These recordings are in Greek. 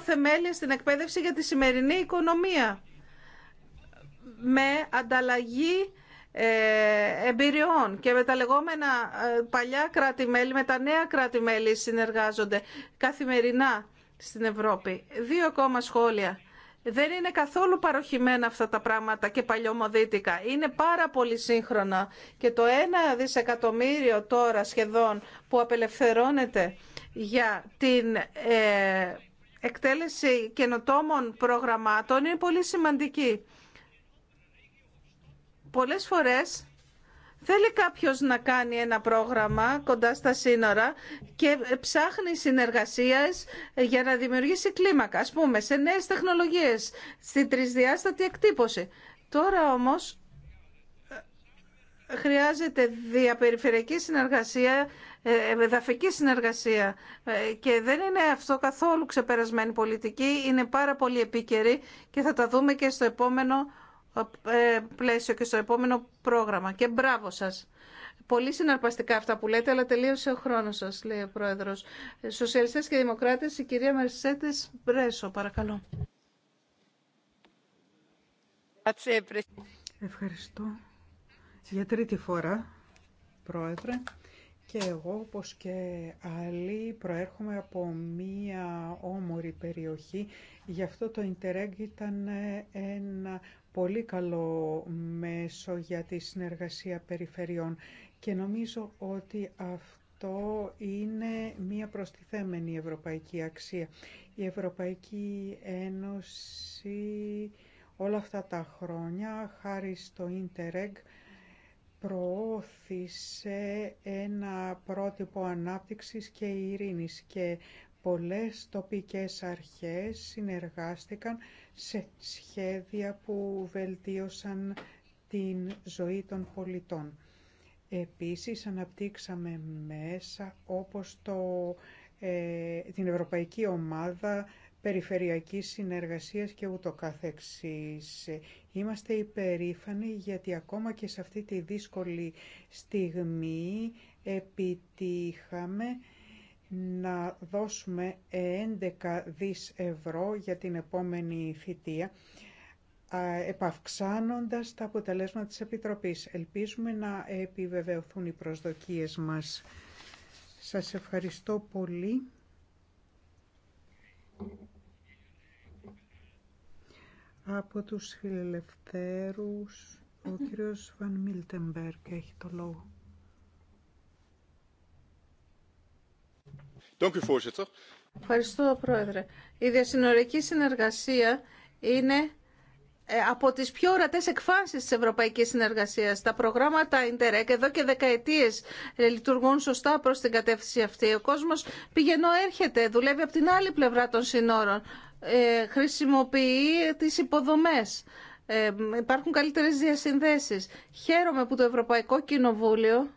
θεμέλια στην εκπαίδευση για τη σημερινή οικονομία με ανταλλαγή ε, εμπειριών και με τα λεγόμενα ε, παλιά κράτη-μέλη, με τα νέα κράτη-μέλη συνεργάζονται καθημερινά στην Ευρώπη. Δύο ακόμα σχόλια. Δεν είναι καθόλου παροχημένα αυτά τα πράγματα και παλιωμοδίτικα. Είναι πάρα πολύ σύγχρονα και το ένα δισεκατομμύριο τώρα σχεδόν που απελευθερώνεται για την ε, εκτέλεση καινοτόμων προγραμμάτων είναι πολύ σημαντική. Πολλές φορές θέλει κάποιος να κάνει ένα πρόγραμμα κοντά στα σύνορα και ψάχνει συνεργασίες για να δημιουργήσει κλίμακα, ας πούμε, σε νέες τεχνολογίες, στην τρισδιάστατη εκτύπωση. Τώρα όμως ε, ε, χρειάζεται διαπεριφερειακή συνεργασία ε, ε, εδαφική συνεργασία ε, και δεν είναι αυτό καθόλου ξεπερασμένη πολιτική, είναι πάρα πολύ επίκαιρη και θα τα δούμε και στο επόμενο πλαίσιο και στο επόμενο πρόγραμμα. Και μπράβο σας. Πολύ συναρπαστικά αυτά που λέτε, αλλά τελείωσε ο χρόνος σας, λέει ο Πρόεδρος. Σοσιαλιστές και Δημοκράτες, η κυρία Μερσέτης Μπρέσο, παρακαλώ. Ευχαριστώ. Για τρίτη φορά, Πρόεδρε. Και εγώ, όπως και άλλοι, προέρχομαι από μία όμορη περιοχή. Γι' αυτό το Interreg ήταν ε, ένα πολύ καλό μέσο για τη συνεργασία περιφερειών. Και νομίζω ότι αυτό είναι μία προστιθέμενη ευρωπαϊκή αξία. Η Ευρωπαϊκή Ένωση όλα αυτά τα χρόνια, χάρη στο Interreg, προώθησε ένα πρότυπο ανάπτυξης και ειρήνης και πολλές τοπικές αρχές συνεργάστηκαν σε σχέδια που βελτίωσαν την ζωή των πολιτών. Επίσης αναπτύξαμε μέσα όπως το, ε, την Ευρωπαϊκή Ομάδα περιφερειακής συνεργασίας και ούτω καθεξής. Είμαστε υπερήφανοι γιατί ακόμα και σε αυτή τη δύσκολη στιγμή επιτύχαμε να δώσουμε 11 δις ευρώ για την επόμενη θητεία επαυξάνοντας τα αποτελέσματα της Επιτροπής. Ελπίζουμε να επιβεβαιωθούν οι προσδοκίες μας. Σας ευχαριστώ πολύ. Από τους φιλελευθέρους, ο κύριος Βαν Μίλτεμπερκ έχει το λόγο. Ευχαριστώ, Πρόεδρε. Η διασυνορική συνεργασία είναι ε, από τις πιο ορατές εκφάνσεις της ευρωπαϊκής συνεργασίας. Τα προγράμματα Interreg εδώ και δεκαετίες ε, λειτουργούν σωστά προς την κατεύθυνση αυτή. Ο κόσμος πηγαίνει, έρχεται, δουλεύει από την άλλη πλευρά των συνόρων, ε, χρησιμοποιεί τις υποδομές. υπάρχουν καλύτερες διασυνδέσεις. Χαίρομαι που το Ευρωπαϊκό Κοινοβούλιο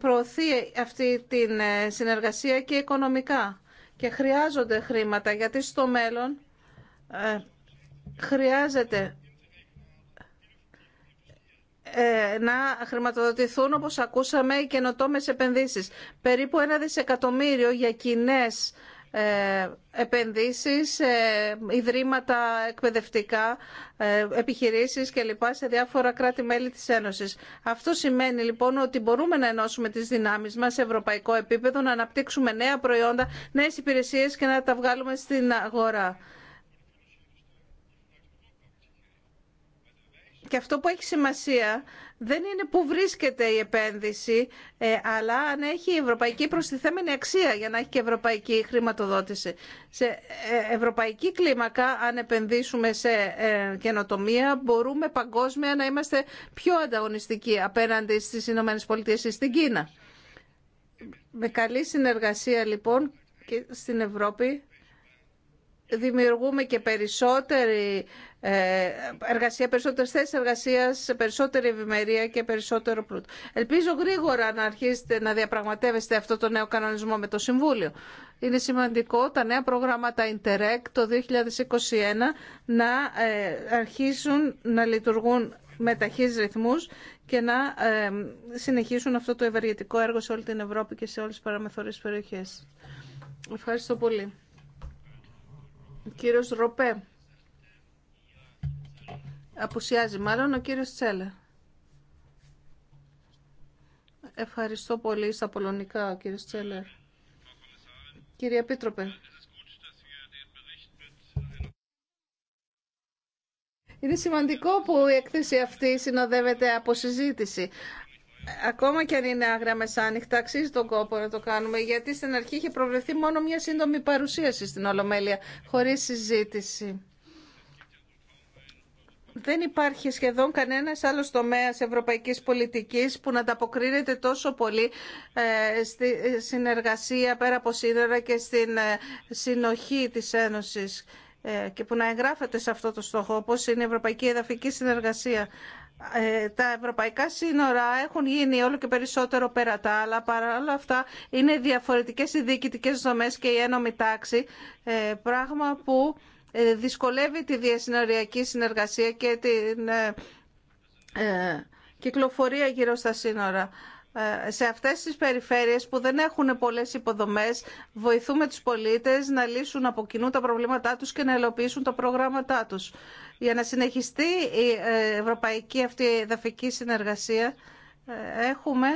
προωθεί αυτή την συνεργασία και οικονομικά. Και χρειάζονται χρήματα γιατί στο μέλλον ε, χρειάζεται ε, να χρηματοδοτηθούν, όπως ακούσαμε, οι καινοτόμες επενδύσεις. Περίπου ένα δισεκατομμύριο για κοινέ ε, επενδύσεις, ιδρύματα εκπαιδευτικά, επιχειρήσεις και σε διάφορα κράτη-μέλη της Ένωσης. Αυτό σημαίνει λοιπόν ότι μπορούμε να ενώσουμε τις δυνάμεις μας σε ευρωπαϊκό επίπεδο, να αναπτύξουμε νέα προϊόντα, νέες υπηρεσίες και να τα βγάλουμε στην αγορά. Και αυτό που έχει σημασία δεν είναι που βρίσκεται η επένδυση, ε, αλλά αν έχει ευρωπαϊκή προστιθέμενη αξία για να έχει και ευρωπαϊκή χρηματοδότηση. Σε ε, ευρωπαϊκή κλίμακα, αν επενδύσουμε σε ε, καινοτομία, μπορούμε παγκόσμια να είμαστε πιο ανταγωνιστικοί απέναντι στις ΗΠΑ ή στην Κίνα. Με καλή συνεργασία, λοιπόν, και στην Ευρώπη δημιουργούμε και περισσότερη ε, εργασία, περισσότερες θέσεις εργασίας, περισσότερη ευημερία και περισσότερο πλούτο. Ελπίζω γρήγορα να αρχίσετε να διαπραγματεύεστε αυτό το νέο κανονισμό με το Συμβούλιο. Είναι σημαντικό τα νέα προγράμματα Interreg το 2021 να ε, αρχίσουν να λειτουργούν με ταχύς ρυθμούς και να ε, συνεχίσουν αυτό το ευεργετικό έργο σε όλη την Ευρώπη και σε όλες τις παραμεθορίες περιοχές. Ευχαριστώ πολύ. Ο κύριος Ροπέ. αποουσιάζει μάλλον ο κύριος Τσέλε. Ευχαριστώ πολύ στα πολωνικά, κύριε Τσέλερ. Κύριε Επίτροπε. Είναι σημαντικό που η έκθεση αυτή συνοδεύεται από συζήτηση. Ακόμα και αν είναι άγρα μεσάνυχτα, αξίζει τον κόπο να το κάνουμε, γιατί στην αρχή είχε προβλεφθεί μόνο μια σύντομη παρουσίαση στην Ολομέλεια, χωρίς συζήτηση. Δεν υπάρχει σχεδόν κανένας άλλος τομέας ευρωπαϊκής πολιτικής που να ανταποκρίνεται τόσο πολύ ε, στη συνεργασία πέρα από σύνορα και στην ε, συνοχή της Ένωσης ε, και που να εγγράφεται σε αυτό το στόχο, όπως είναι η Ευρωπαϊκή Εδαφική Συνεργασία. Ε, τα ευρωπαϊκά σύνορα έχουν γίνει όλο και περισσότερο περατά, αλλά παρά αυτά είναι διαφορετικές οι διοικητικές δομές και η ένωμη τάξη, ε, πράγμα που ε, δυσκολεύει τη διασυνοριακή συνεργασία και την κυκλοφορία γύρω στα σύνορα. Ε, σε αυτές τις περιφέρειες που δεν έχουν πολλές υποδομές βοηθούμε τους πολίτες να λύσουν από κοινού τα προβλήματά τους και να ελοποιήσουν τα προγράμματά τους. Για να συνεχιστεί η ε, ευρωπαϊκή αυτή εδαφική συνεργασία ε, έχουμε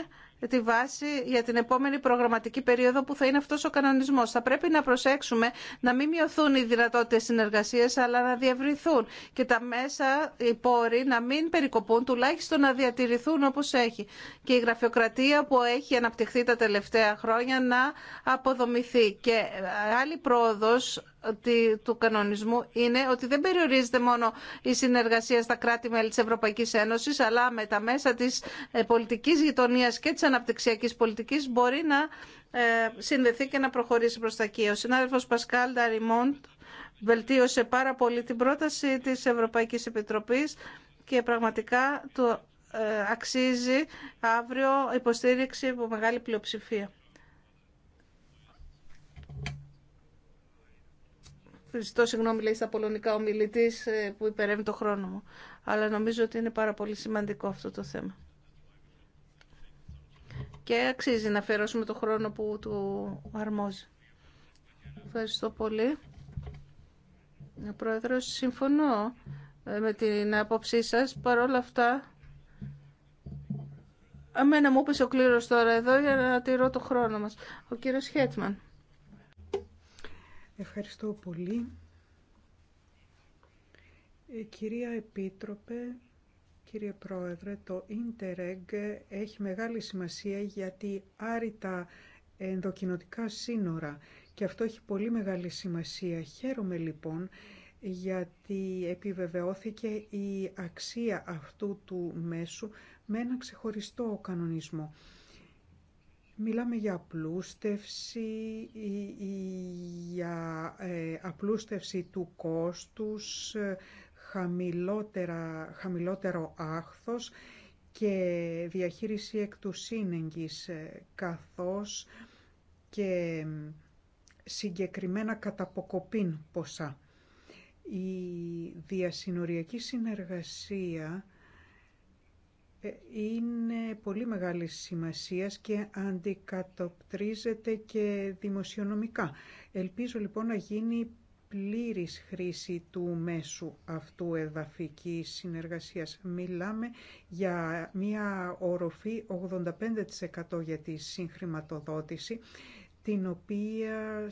τη βάση για την επόμενη προγραμματική περίοδο που θα είναι αυτός ο κανονισμός. Θα πρέπει να προσέξουμε να μην μειωθούν οι δυνατότητες συνεργασίας αλλά να διευρυνθούν και τα μέσα, οι πόροι να μην περικοπούν, τουλάχιστον να διατηρηθούν όπως έχει. Και η γραφειοκρατία που έχει αναπτυχθεί τα τελευταία χρόνια να αποδομηθεί. Και άλλη πρόοδος του κανονισμού είναι ότι δεν περιορίζεται μόνο η συνεργασία στα κράτη-μέλη της Ευρωπαϊκής Ένωσης αλλά με τα μέσα της ε, πολιτικής γειτονίας και της αναπτυξιακής πολιτικής μπορεί να ε, συνδεθεί και να προχωρήσει προς τα εκεί. Ο συνάδελφος Πασκάλ Νταριμόντ βελτίωσε πάρα πολύ την πρόταση της Ευρωπαϊκής Επιτροπής και πραγματικά το ε, αξίζει αύριο υποστήριξη από μεγάλη πλειοψηφία. Ζητώ συγγνώμη, λέει στα πολωνικά ο μιλητής ε, που υπερεύει το χρόνο μου. Αλλά νομίζω ότι είναι πάρα πολύ σημαντικό αυτό το θέμα και αξίζει να αφιερώσουμε το χρόνο που του αρμόζει. Ευχαριστώ πολύ. Ο ε, Πρόεδρος, συμφωνώ ε, με την άποψή σας. Παρ' όλα αυτά, αμένα μου έπεσε ο κλήρος τώρα εδώ για να τηρώ το χρόνο μας. Ο κύριος Χέτσμαν. Ευχαριστώ πολύ. Ε, κυρία Επίτροπε, Κύριε Πρόεδρε, το Interreg έχει μεγάλη σημασία γιατί άρρητα τα ενδοκινοτικά σύνορα και αυτό έχει πολύ μεγάλη σημασία. Χαίρομαι λοιπόν γιατί επιβεβαιώθηκε η αξία αυτού του μέσου με ένα ξεχωριστό κανονισμό. Μιλάμε για απλούστευση, για ε, απλούστευση του κόστους, χαμηλότερα, χαμηλότερο άχθος και διαχείριση εκ του σύνεγγης, ε, καθώς και συγκεκριμένα καταποκοπήν ποσά. Η διασυνοριακή συνεργασία ε, είναι πολύ μεγάλη σημασίας και αντικατοπτρίζεται και δημοσιονομικά. Ελπίζω λοιπόν να γίνει πλήρης χρήση του μέσου αυτού εδαφικής συνεργασίας. Μιλάμε για μια οροφή 85% για τη συγχρηματοδότηση, την οποία,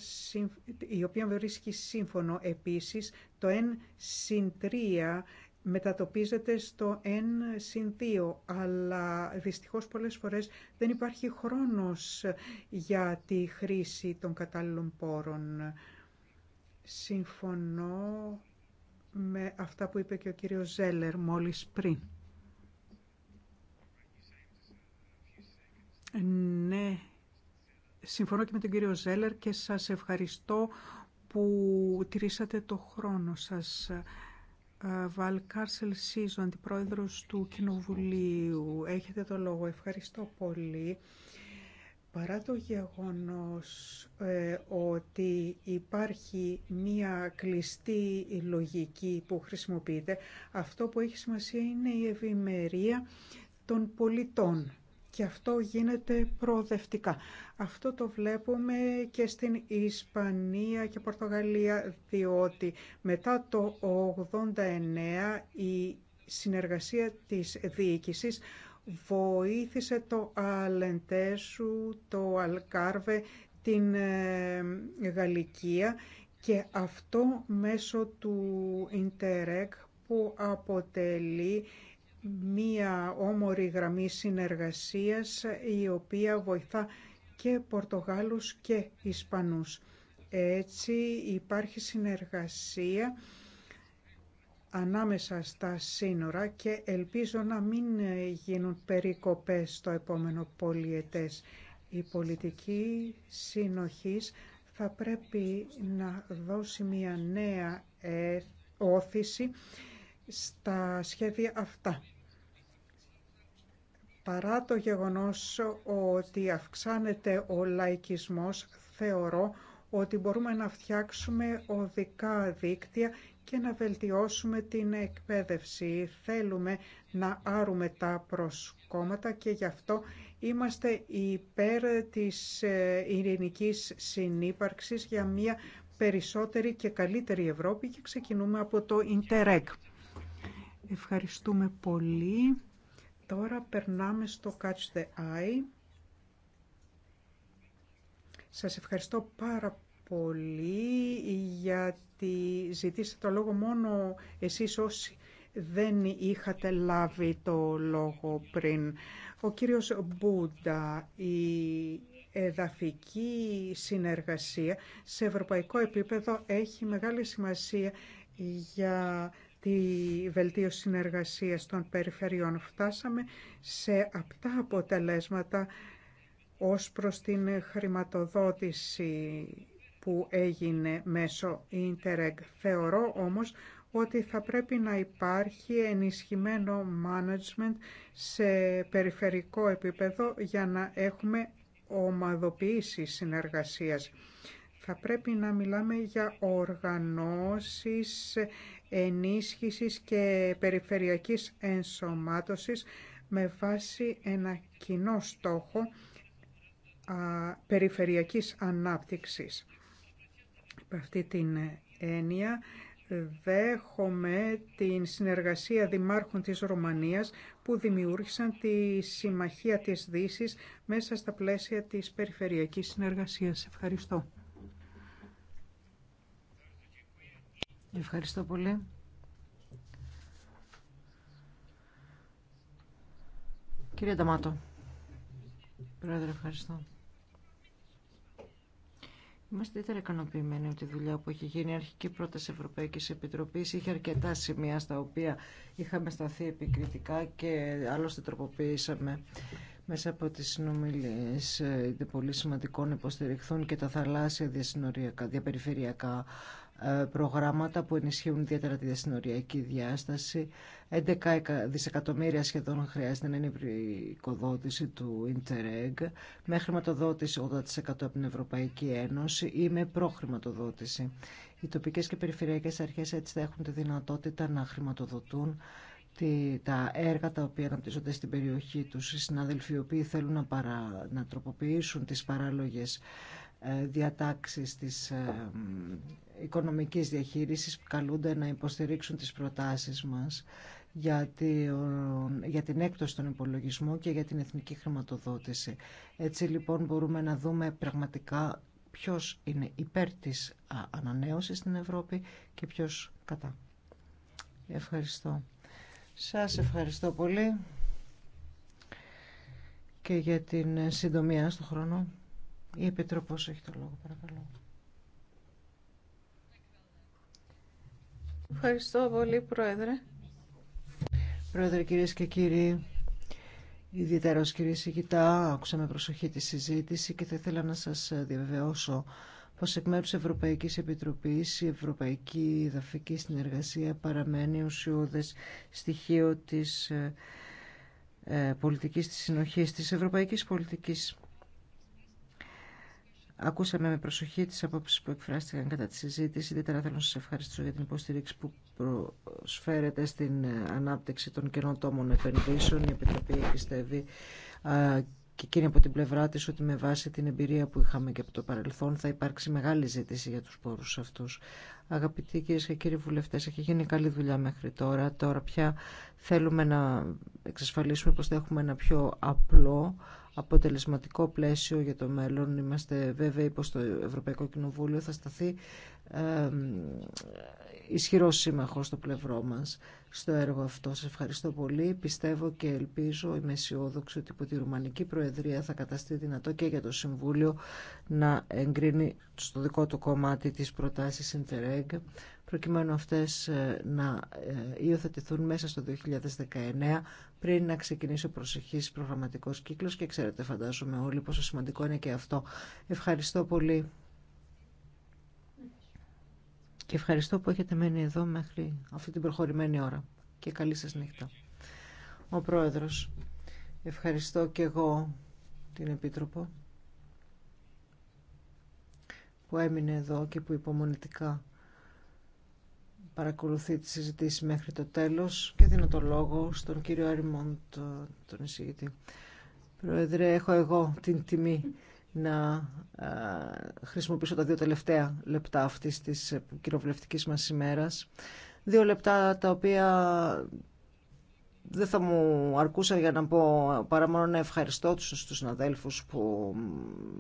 η οποία βρίσκει σύμφωνο επίσης το 1 συν 3 μετατοπίζεται στο 1 συν 2, αλλά δυστυχώς πολλές φορές δεν υπάρχει χρόνος για τη χρήση των κατάλληλων πόρων. Συμφωνώ με αυτά που είπε και ο κύριος Ζέλερ μόλις πριν. Ναι, συμφωνώ και με τον κύριο Ζέλερ και σας ευχαριστώ που τηρήσατε το χρόνο σας. Βαλκάρσελ Σίζο, αντιπρόεδρος του Κοινοβουλίου. Έχετε το λόγο. Ευχαριστώ πολύ. Παρά το γεγονός ε, ότι υπάρχει μία κλειστή λογική που χρησιμοποιείται, αυτό που έχει σημασία είναι η ευημερία των πολιτών και αυτό γίνεται προοδευτικά. Αυτό το βλέπουμε και στην Ισπανία και Πορτογαλία, διότι μετά το 89 η συνεργασία της διοίκησης βοήθησε το Αλεντέσου, το Αλκάρβε, την ε, Γαλλικία και αυτό μέσω του Ιντερεκ που αποτελεί μία όμορη γραμμή συνεργασίας η οποία βοηθά και Πορτογάλους και Ισπανούς. Έτσι υπάρχει συνεργασία ανάμεσα στα σύνορα και ελπίζω να μην γίνουν περικοπές στο επόμενο πολιετές. Η πολιτική συνοχής θα πρέπει να δώσει μια νέα ε, όθηση στα σχέδια αυτά. Παρά το γεγονός ότι αυξάνεται ο λαϊκισμός, θεωρώ ότι μπορούμε να φτιάξουμε οδικά δίκτυα και να βελτιώσουμε την εκπαίδευση. Θέλουμε να άρουμε τα προσκόμματα και γι' αυτό είμαστε υπέρ της ε, ειρηνικής συνύπαρξης για μια περισσότερη και καλύτερη Ευρώπη και ξεκινούμε από το Interreg. Ευχαριστούμε πολύ. Τώρα περνάμε στο Catch the Eye. Σας ευχαριστώ πάρα πολύ γιατί ζητήσατε το λόγο μόνο εσείς όσοι δεν είχατε λάβει το λόγο πριν. Ο κύριος Μπούντα, η εδαφική συνεργασία σε ευρωπαϊκό επίπεδο έχει μεγάλη σημασία για τη βελτίωση συνεργασίας των περιφερειών. Φτάσαμε σε αυτά αποτελέσματα ως προς την χρηματοδότηση που έγινε μέσω Interreg. Θεωρώ όμως ότι θα πρέπει να υπάρχει ενισχυμένο management σε περιφερικό επίπεδο για να έχουμε ομαδοποίηση συνεργασίας. Θα πρέπει να μιλάμε για οργανώσεις ενίσχυσης και περιφερειακής ενσωμάτωσης με βάση ένα κοινό στόχο α, περιφερειακής ανάπτυξης. Με αυτή την έννοια δέχομαι την συνεργασία δημάρχων της Ρωμανίας που δημιούργησαν τη Συμμαχία της Δύσης μέσα στα πλαίσια της περιφερειακής συνεργασίας. Ευχαριστώ. Ευχαριστώ πολύ. Κύριε Νταμάτο. Πρόεδρε, ευχαριστώ. Είμαστε ιδιαίτερα ικανοποιημένοι από τη δουλειά που έχει γίνει. Η αρχική πρόταση Ευρωπαϊκή Επιτροπή είχε αρκετά σημεία στα οποία είχαμε σταθεί επικριτικά και άλλωστε τροποποιήσαμε μέσα από τις συνομιλίες ε, είναι πολύ σημαντικό να υποστηριχθούν και τα θαλάσσια διαπεριφερειακά ε, προγράμματα που ενισχύουν ιδιαίτερα τη διασυνοριακή διάσταση. 11 δισεκατομμύρια σχεδόν χρειάζεται να είναι η οικοδότηση του Interreg με χρηματοδότηση 80% από την Ευρωπαϊκή Ένωση ή με προχρηματοδότηση. Οι τοπικές και περιφερειακές αρχές έτσι θα έχουν τη δυνατότητα να χρηματοδοτούν τα έργα τα οποία αναπτύσσονται στην περιοχή τους, οι συναδελφοί οι οποίοι θέλουν να, παρα, να τροποποιήσουν τις παράλογες ε, διατάξεις της ε, οικονομικής διαχείρισης καλούνται να υποστηρίξουν τις προτάσεις μας για την έκπτωση των υπολογισμών και για την εθνική χρηματοδότηση. Έτσι λοιπόν μπορούμε να δούμε πραγματικά ποιος είναι υπέρ της ανανέωσης στην Ευρώπη και ποιος κατά. Ευχαριστώ. Σας ευχαριστώ πολύ και για την συντομία στο χρόνο. Η Επιτροπός έχει το λόγο, παρακαλώ. Ευχαριστώ πολύ, Πρόεδρε. Πρόεδρε, κυρίες και κύριοι, ιδιαίτερα κύριε Σιγητά, άκουσα με προσοχή τη συζήτηση και θα ήθελα να σας διαβεβαιώσω πως εκ μέρους Ευρωπαϊκής Επιτροπής η Ευρωπαϊκή Δαφική Συνεργασία παραμένει ουσιώδες στοιχείο της ε, ε, πολιτικής της συνοχής, της ευρωπαϊκής πολιτικής. Ακούσαμε με προσοχή τις απόψεις που εκφράστηκαν κατά τη συζήτηση. Ιδιαίτερα θέλω να σας ευχαριστήσω για την υποστήριξη που προσφέρετε στην ε, ανάπτυξη των καινοτόμων επενδύσεων. Η Επιτροπή πιστεύει και εκείνη από την πλευρά της ότι με βάση την εμπειρία που είχαμε και από το παρελθόν θα υπάρξει μεγάλη ζήτηση για τους πόρους αυτούς. Αγαπητοί κυρίε και κύριοι βουλευτές, έχει γίνει καλή δουλειά μέχρι τώρα. Τώρα πια θέλουμε να εξασφαλίσουμε πως θα έχουμε ένα πιο απλό, αποτελεσματικό πλαίσιο για το μέλλον. Είμαστε βέβαιοι πως το Ευρωπαϊκό Κοινοβούλιο θα σταθεί ισχυρό σύμμαχο στο πλευρό μας στο έργο αυτό. Σας ευχαριστώ πολύ. Πιστεύω και ελπίζω, είμαι αισιόδοξη ότι τη Ρουμανική Προεδρία θα καταστεί δυνατό και για το Συμβούλιο να εγκρίνει στο δικό του κομμάτι τι προτάσεις Interreg προκειμένου αυτές ε, να ε, υιοθετηθούν μέσα στο 2019 πριν να ξεκινήσει ο προσεχής προγραμματικός κύκλος και ξέρετε φαντάζομαι όλοι πόσο σημαντικό είναι και αυτό. Ευχαριστώ πολύ. Και ευχαριστώ που έχετε μένει εδώ μέχρι αυτή την προχωρημένη ώρα. Και καλή σας νύχτα. Ο Πρόεδρος, ευχαριστώ και εγώ την Επίτροπο που έμεινε εδώ και που υπομονητικά παρακολουθεί τη συζητήση μέχρι το τέλος και δίνω το λόγο στον κύριο Άρημον, τον εισηγητή. Πρόεδρε, έχω εγώ την τιμή να ε, χρησιμοποιήσω τα δύο τελευταία λεπτά αυτής της κοινοβουλευτικής μας ημέρας. Δύο λεπτά τα οποία δεν θα μου αρκούσαν για να πω παρά μόνο να ευχαριστώ τους, τους συναδέλφους που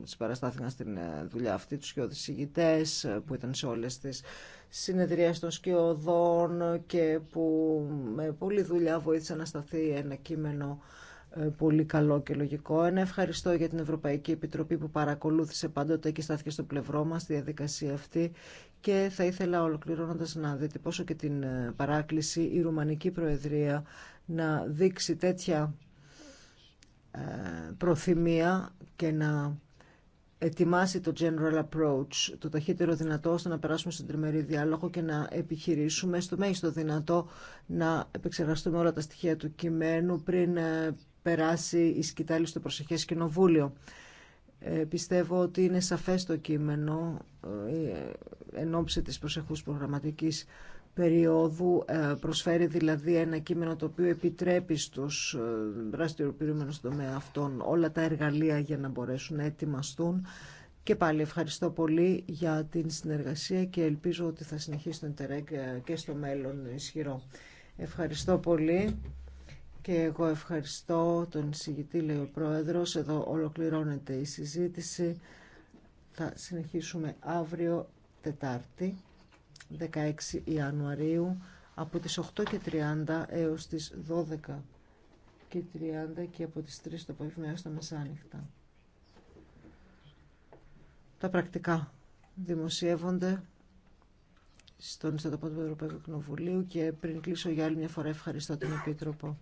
συμπαραστάθηκαν στην ε, δουλειά αυτή, τους σκιώδης ε, που ήταν σε όλες τις συνεδριές των σκιωδών και που με πολλή δουλειά βοήθησαν να σταθεί ένα κείμενο ε, πολύ καλό και λογικό. Ένα ευχαριστώ για την Ευρωπαϊκή Επιτροπή που παρακολούθησε πάντοτε και στάθηκε στο πλευρό μας τη διαδικασία αυτή και θα ήθελα ολοκληρώνοντας να δείτε πόσο και την ε, παράκληση η Ρουμανική Προεδρία να δείξει τέτοια ε, προθυμία και να ετοιμάσει το general approach το ταχύτερο δυνατό ώστε να περάσουμε στον τριμερή διάλογο και να επιχειρήσουμε στο μέγιστο δυνατό να επεξεργαστούμε όλα τα στοιχεία του κειμένου πριν περάσει η σκητάλη στο προσεχές κοινοβούλιο. Ε, πιστεύω ότι είναι σαφές το κείμενο ε, εν ώψη της προσεχούς προγραμματικής περίοδου ε, προσφέρει δηλαδή ένα κείμενο το οποίο επιτρέπει στους ε, δραστηριοποιημένους στον τομέα αυτών όλα τα εργαλεία για να μπορέσουν να ετοιμαστούν και πάλι ευχαριστώ πολύ για την συνεργασία και ελπίζω ότι θα συνεχίσει το ε, και στο μέλλον ισχυρό. Ευχαριστώ πολύ. Και εγώ ευχαριστώ τον εισηγητή, λέει ο Πρόεδρος. Εδώ ολοκληρώνεται η συζήτηση. Θα συνεχίσουμε αύριο Τετάρτη, 16 Ιανουαρίου, από τις 8.30 έως τις 12.30 και από τις 3 το απόγευμα έως τα μεσάνυχτα. Τα πρακτικά δημοσιεύονται στον ιστοτοπό του Ευρωπαϊκού Κοινοβουλίου και πριν κλείσω για άλλη μια φορά ευχαριστώ την Επίτροπο.